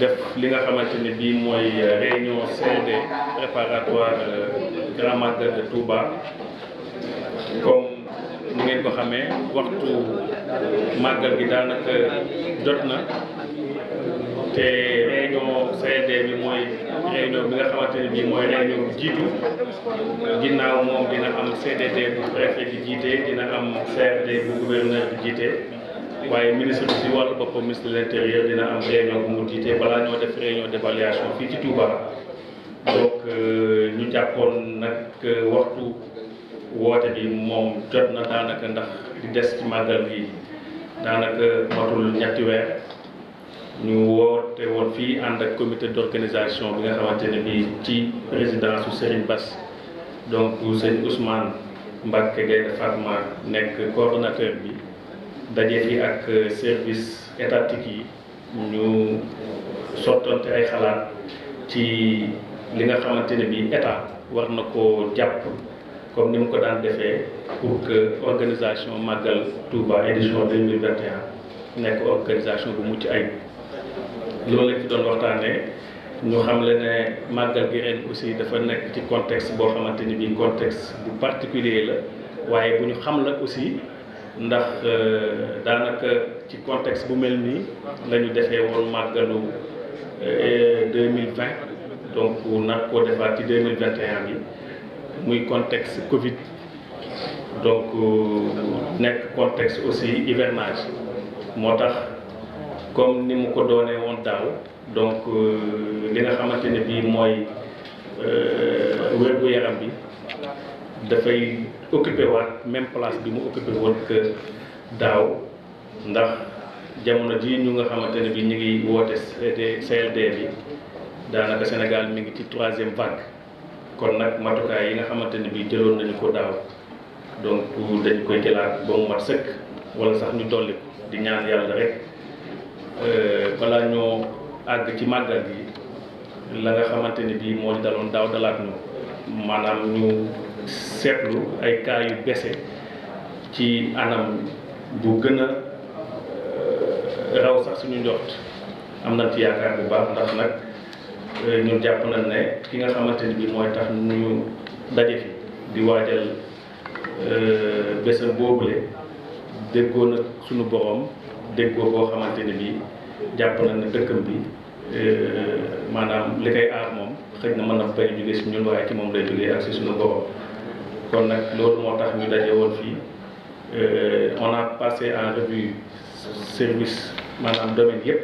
def li nga xamante ne bii mooy euh, réunion CD préparatoire Grand euh, Magal de comme ni ngeen ko xamee waxtu màggal gi daanaka jot na te réunion CD bi mooy réunion bi nga xamante bii mooy réunion bu jiitu ginnaaw moom dina am CDD bu préfet bi jiite dina am CRD bu gouverneur bi jiite waaye ministre bi si wàllu boppam ministre de l' intérieur dina am réunion bu mu jiitee balaa ñoo def réunion d' évaluation fii ci Touba donc euh, ñu jàppoon nag waxtu woote bi moom jot na daanaka ndax di des ci màggal bi daanaka matul ñetti weer ñu woote woon fii ànd ak comité d' organisation bi nga xamante ne bii ci présidence su Serigne Bass donc sëñ Ousmane Mbacke Gaye Fatma nekk coordonnateur bi. daje fi ak euh, service étatique yi ñu sottante ay xalaat ci li nga xamante ne bi état war na ko jàpp comme ni mu ko daan defee pour que organisation màggal Touba édition 2021 nekk organisation bu mucc ay loolu lañ ci doon waxtaanee ñu xam le ne màggal gi ren aussi dafa nekk ci contexte boo xamante ni bi contexte bu particulier la waaye bu ñu xam la aussi ndax euh, daanaka ci contexte bu mel nii la ñu defee woon màggalu 2020 euh, donc nag koo defaat ci 2021 bi muy contexte Covid donc euh, nekk contexte aussi hivernage moo tax comme ni mu ko doonee woon daaw donc li nga xamante ni bii mooy wér-gu-yaram bi dafay. occupé waat même place bi mu occupé woon que daaw ndax jamono ji ñu nga xamante ne bi ñu ngi woote CLD bi daanaka Sénégal mi ngi ci troisième vague kon nag matukaay yi nga xamante ne bi jëloon nañu ko daaw donc dañ koy jëlaat ba mu mat sëkk wala sax ñu dolli di ñaan yàlla rek euh, balaa ñoo àgg ci màggal gi la nga xamante ne bii moo daloon daaw dalaat ñu maanaam ñu seetlu ay cas yu bese ci anam bu gën a euh, raw sax suñu njort am na ci yaakaar bu baax ndax nag euh, ñu jàpp nañ ne ki nga xamante ni bi mooy tax ñu daje fi di waajal euh, bésam boobule déggoo nag suñu borom déggoo boo xamante ni bi jàpp nañ ne dëkkam bi maanaam li koy aar moom xëy na mën na bay jógee si ñun waaye ci moom lay jógee ak si suñu borom kon nag loolu moo tax ñu daje woon fii euh, on a passé en revue service maanaam domaine yëpp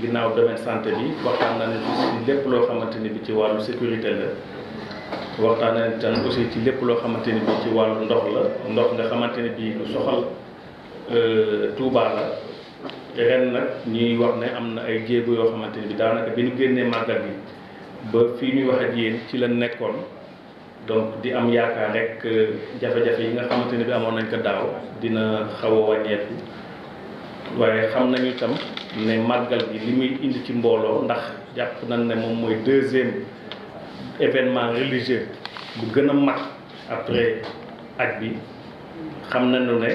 ginnaaw domaine santé bi waxtaan nañu ci lépp loo xamante ni bi ci wàllu sécurité la waxtaan nañu tam aussi ci lépp loo xamante ni bi ci wàllu ndox la ndox nga xamante ni bi lu soxal euh, Touba la ren nag ñuy wax ne am na ay jéego yoo xamante bi daanaka bi ñu génnee màggal yi ba fii ñuy wax ak ci la nekkoon donc di am yaakaar rek jafe-jafe yi nga xamante ne bi amoon nañ ko daaw dina xaw a waaye xam nañu itam ne màggal gi li muy indi ci mbooloo ndax jàpp nañ ne moom mooy deuxième événement religieux bu gën a mag après aj bi xam nañu ne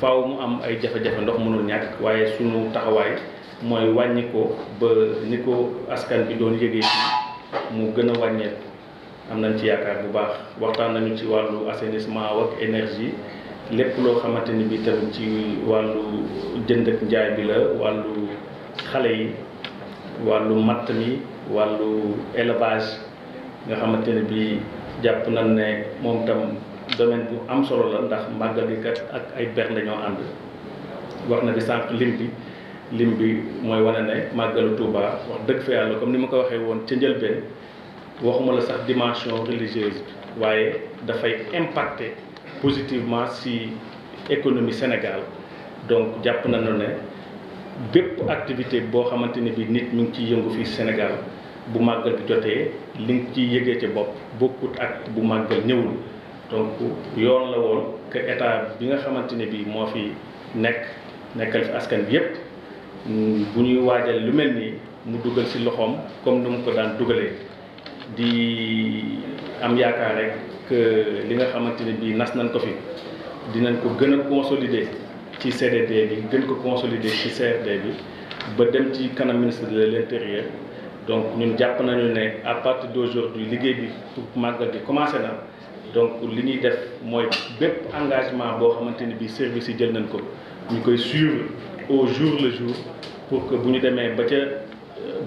faaw mu am ay jafe-jafe ndox mënul ñàkk waaye sunu taxawaay mooy wàññi ba ni ko askan bi doon yëgee mu gën a wàññeeku. am nañ ci yaakaar bu baax waxtaan nañu ci wàllu assenisement ak energie lépp loo xamante ni bi tamit ci wàllu jënd ak njaay bi la wàllu xale yi wàllu matt mi wàllu élevage nga xamante ne bi jàpp nañ ne moom tam domaine bu am solo la ndax màggal gi kat ak ay bernde ñoo ànd wax na bi sanq lim bi lim bi mooy wane ne màggalu Touba wax dëgg fa yàlla comme ni ma ko waxee woon ca njëlbeen waxuma la sax dimension religieuse bi waaye dafay impacter positivement ci économie Sénégal donc jàpp nañu ne bépp activité boo xamante ne bi nit mi ngi ciy yëngu fii Sénégal bu màggal bi jotee li nga ciy yëgee ci bopp bokkut ak bu màggal ñëwul donc yoon la woon que état bi nga xamante ne bi moo fi nekk nekkal fi askan bi yépp bu ñuy waajal lu mel nii mu dugal ci loxoom comme ni mu ko daan dugalee di am yaakaar rek que li nga xamante ne bii nas nañ ko fi dinañ ko gën a consolider ci CDD bi gën ko consolider ci CRD bi ba dem ci kanam ministre de l'intérieur donc ñun jàpp nañu ne à partir d'aujourd'hui liggéey bi pour màggal bi commencé na donc li ñuy def mooy bépp engagement boo xamante ne bii service yi jël nañ ko ñu koy suivre au jour le jour pour que bu ñu demee ba ca euh,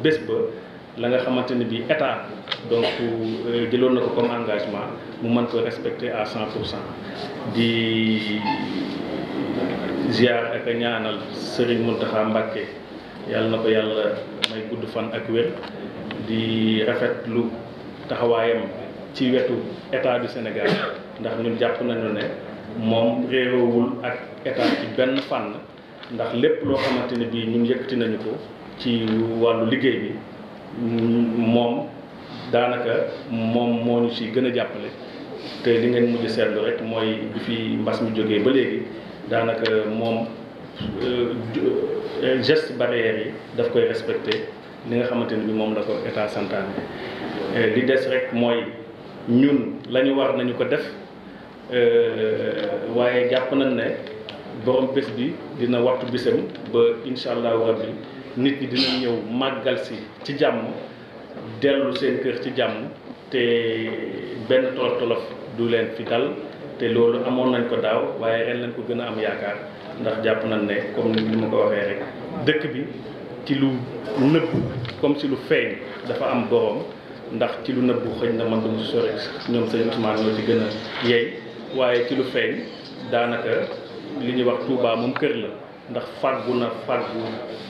bés ba la nga xamante ne bii état. donc euh, jëloon na ko comme engagement mu mën ko respecter à cent pour cent di ziar ak a ñaanal Serigne Mountakha Mbacké yàlla na ko yàlla may gudd fan ak wér di lu taxawaayam ci wetu état du Sénégal ndax ñun jàpp nañu ne moom réeroowul ak état ci benn fànn ndax lépp loo xamante ne bii ñun yëkkati nañu ko ci wàllu liggéey bi moom daanaka moom moo ñu si gën a jàppale te li ngeen mujj seetlu rek mooy bi fi mbas mi jógee ba léegi daanaka moom euh, geste barrière yi daf koy respecté li nga xamante ni bi moom la ko état santaane euh, li des rek mooy ñun la war nañu ko def euh, waaye jàpp nañ ne borom bés bi dina wattu bisam ba incha rabbi nit ñi dina ñëw màggal si ci jàmm dellu seen kër ci jàmm te benn tolof tolof du leen fi dal te loolu amoon nañ ko daaw waaye ren leen ko gën a am yaakaar ndax jàpp nañ ne comme ni ma ko waxee dëkk bi ci lu nëbb comme si lu feeñ dafa am borom ndax ci lu nëbb xëñ na man dama sore ñoom sëñ Ousmane ñoo ci gën a yeey waaye ci lu feeñ daanaka li ñuy wax Touba moom kër la ndax fàggu na fàggu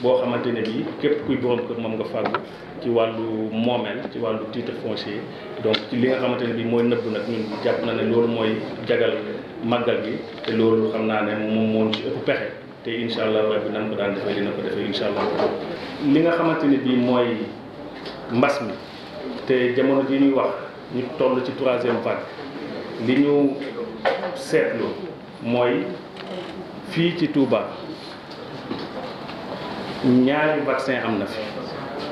boo xamante ne bii képp kuy borom kër moom nga fàggu ci wàllu moomeel ci wàllu titre foncier donc ci li nga xamante ne bii mooy nëbb nag ñun jàpp na ne loolu mooy jagal màggal gi te loolu xam naa ne moom moo ci ëpp pexe te incha allah rabbi nan ko daan defee dina ko defee incha allah li nga xamante ne bii mooy mbas mi te jamono ji ñuy wax ñu toll ci troisième vague li ñu seetlu mooy fii ci Touba. ñaari vaccin am na fi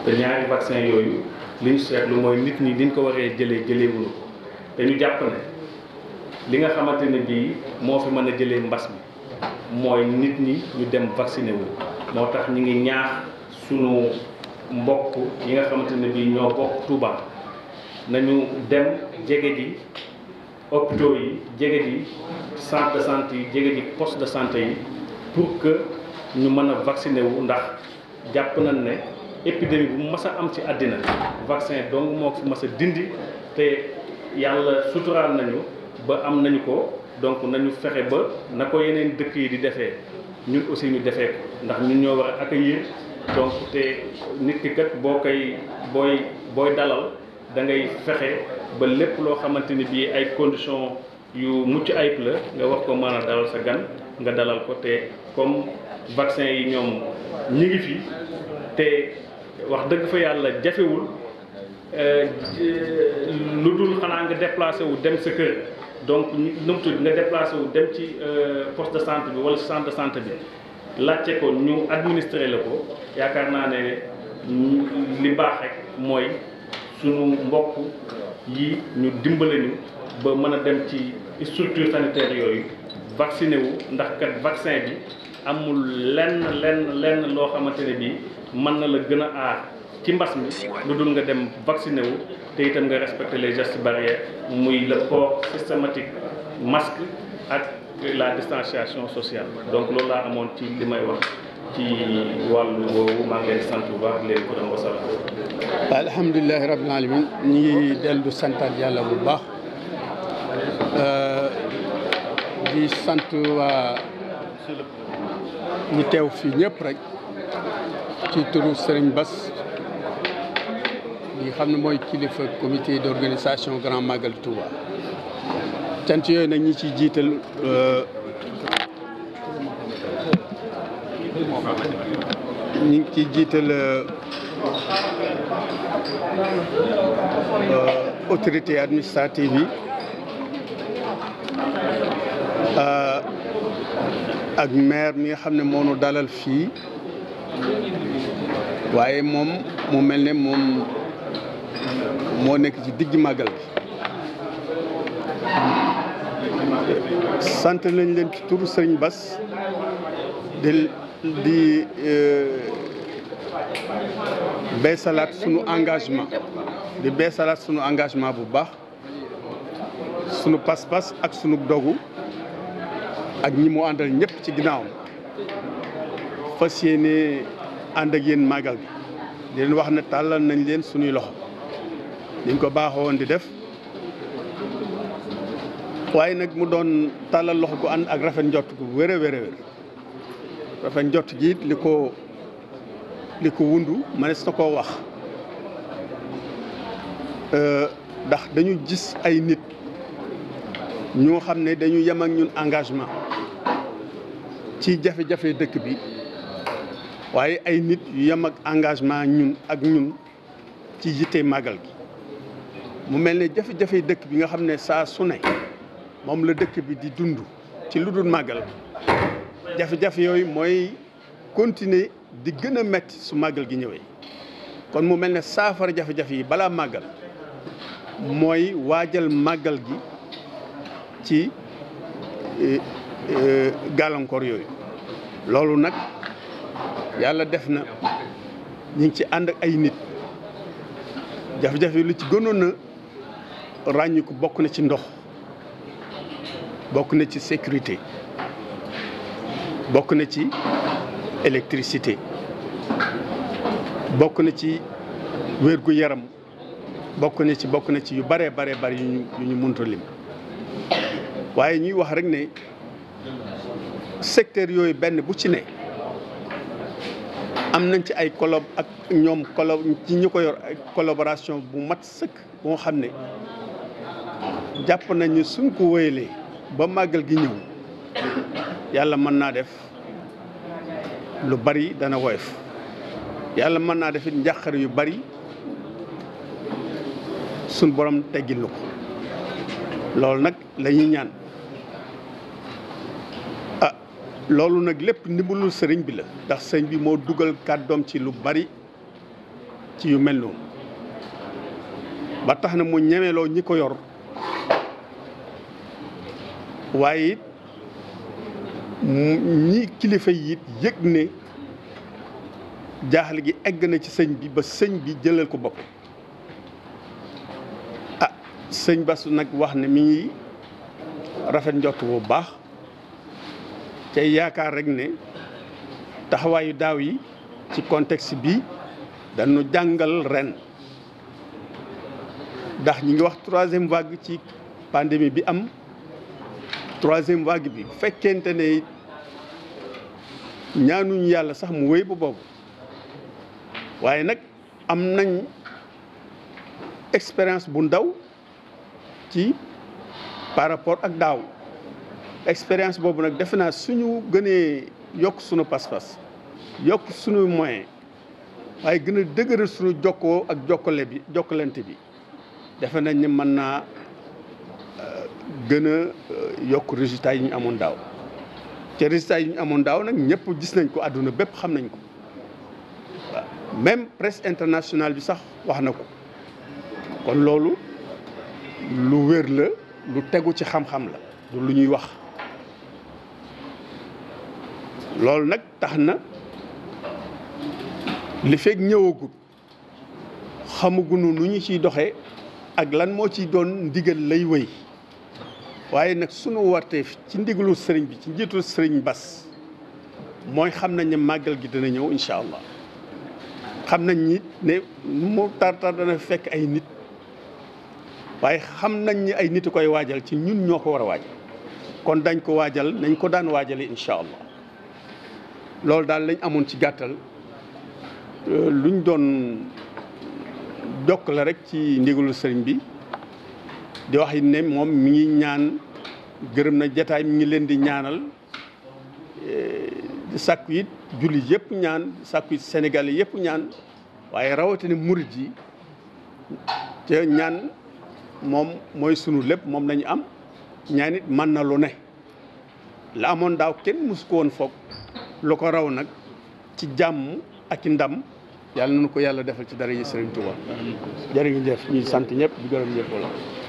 te ñaari vaccin yooyu li ñu seetlu mooy nit ñi liñ ko waree jëlee jëlee wuñu ko dañu jàpp ne li nga xamante ne bii moo fi mën a jëlee mbas mi mooy nit ñi ñu dem vacciné wu moo tax ñu ngi ñaax suñu mbokk yi nga xamante ne bii ñoo bokk Touba nañu dem jege ji hôpitaux yi jege ji centre de yi jege ji poste de santé yi pour que ñu mën a vacciné wu ndax jàpp nañ ne épidémie bu mas a am ci àddina vaccin donc moo fi mas a dindi te yàlla suturaal nañu ba am nañu ko donc nañu fexe ba na ko yeneen dëkk yi di defee ñun aussi ñu defee ko ndax ñu ñoo war a accueillir donc te nit ki kat boo koy booy booy dalal da ngay fexe ba lépp loo xamante nit yi ay conditions yu mucc ayib la nga wax ko mën a dalal sa gan nga dalal ko te comme vaccin yi ñoom ñu ngi fi te wax dëgg fa yàlla jafewul euh, lu dul xanaa nga déplacé wu dem sa kër donc nu mu nga déplacé wu dem ci euh, poste de santé bi wala centre de santé bi laajte ñu administré la ko yaakaar naa ne li baax rek mooy sunu mbokk yi ñu dimbale ñu ba mën a dem ci structure sanitaire yooyu vacciné ndax kat vaccin bi amul lenn lenn loo xamante ne bii mën na la gën a aar ci mbas mi lu dul nga dem vacciné wu te itam nga respecter les gestes barrières muy le port systématique masque ak la distanciation sociale donc loolu laa amoon ci li may wax ci wàllu woowu maa ngi sant bu baax leen ko doon wasalaam. waaw alhamdulilah rabbil alamin ñu dellu santaat yàlla bu baax euh, di sant waa. ñu teew fii ñëpp rek ci turu Serigne Bass li xam ne mooy kilifa comité d'organisation Grand Magal Touba cant yooyu nag ñi ci jiital euh, ñi ngi ci jiital euh, euh, autorité administrative yi ak maire mi nga xam ne moo nu dalal fii waaye moom mu mel ne moom moo nekk ci dijj màggal bi sant nañ leen ci turu Sëriñ Bas di di euh, beesalaat sunu engagement di beesalaat sunu engagement bu baax sunu pas-pas ak sunu dogu ak ñi mu àndal ñëpp ci ginnaawam fas yéene ànd ak yéen màggal bi leen wax na tàllal nañ leen suñuy loxo niñ ko baaxoo woon di def waaye nag mu doon tàllal loxo gu ànd ak rafet njott gu wér a rafet njott gi li ko li ko wundu mënees na koo wax ndax dañu gis ay nit ñoo xam ne dañu yem ak ñun engagement ci jafe-jafe dëkk bi waaye ay nit yu yem ak engagement ñun ak ñun ci yitte màggal gi mu mel ne jafe-jafe dëkk bi nga xam ne saa su ne moom la dëkk bi di dund ci lu dul màggal jafe-jafe yooyu mooy continuer di gën a metti su màggal gi ñëwee kon mu mel ne saafara jafe-jafe yi balaa màggal mooy waajal màggal gi ci eh, Euh, gàllankoor yooyu loolu nag yàlla def na ñu ngi ci ànd ay nit jafe-jafe lu ci gënoon a ràññiku bokk na ci ndox bokk na ci sécurité bokk na ci électricité bokk na ci wérgu yaram bokk na ci bokk na ci yu bare bare bari yu ñu mënta lim waaye ñuy wax rek ne secteur yooyu benn bu ci ne am nañ ci ay collab ak ñoom ci ñu ko yor ay collaboration bu mat sëkk boo xam ne jàpp nañu suñ ko wéyalee ba màggal gi ñëw yàlla mën naa def lu bari dana woyof yàlla mën naa def it njàqar yu bari suñ borom teggil lu ko loolu nag lañuy ñaan loolu nag lépp ndimbalul sëriñ bi la ndax sëñ bi moo dugal kàddoom ci lu bari ci yu mel noonu ba tax na mu ñemeloo ñi ko yor waaye it ñi kilifa yi it yëg ne jaaxle gi egg na ci sëñ bi ba sëñ bi jëlal ko bopp ah sëñ Bass nag wax ne mi ngi rafet njort bu baax tey yaakaar rek ne taxawaayu daaw yi ci contexte bi dañu jàngal ren ndax ñi ngi wax troisième vague ci pandémie bi am troisième vague bi fekkente ne ñaanuñu yàlla sax mu wéy ba boobu waaye nag am nañ expérience bu ndaw ci par rapport ak daaw expérience boobu nag defe naa suñu gënee yokk sunu pas-pas yokk suñu moyen waaye gën a dëgëral suñu jokkoo ak jokkale bi jokkalante bi defe nañ ne mën naa euh, gën a euh, yokk résultats yi ñu amoon daaw te résultats yi ñu amoon ndaw nag ñëpp gis nañ ko àdduna bépp xam nañ ko waaw même presse internationale bi sax wax na ko kon loolu lu wér la lu tegu ci xam-xam la lu ñuy wax loolu nag tax na li fekk ñëwagut xamugunu nu ñu ciy doxee ak lan moo ci doon ndigal lay wéy waaye nag sunu warteef ci ndigalu sëriñ bi ci njiitul sëriñ Bas mooy xam nañ ne màggal gi dina ñëw incha allah xam nañ nit ne mu tartar dana fekk ay nit waaye xam nañ ni ay nit a koy waajal ci ñun ñoo ko war a waaj kon dañ ko waajal nañ ko daan waajale incha allah loolu daal lañ amoon ci gàttal euh, luñ doon jokk la rek ci ndigalul sëriñ bi di wax ne moom mi ngi ñaan gërëm na jataay mi ngi leen di ñaanal euh, di sàkku it jullit yëpp ñaan sàkku it sénégalais yëpp ñaan waaye rawatina murit yi te ñaan moom mooy sunu lépp moom lañu am ñaan it mën na lu ne la amoon daaw kenn mësu woon foog lu ko raw nag ci jàmm ak i ndam yàlla nañu ko yàlla defal ci dara yi Serigne Touba jërë ngeen jëf ñuy sant ñëpp du gërëm ñëpp la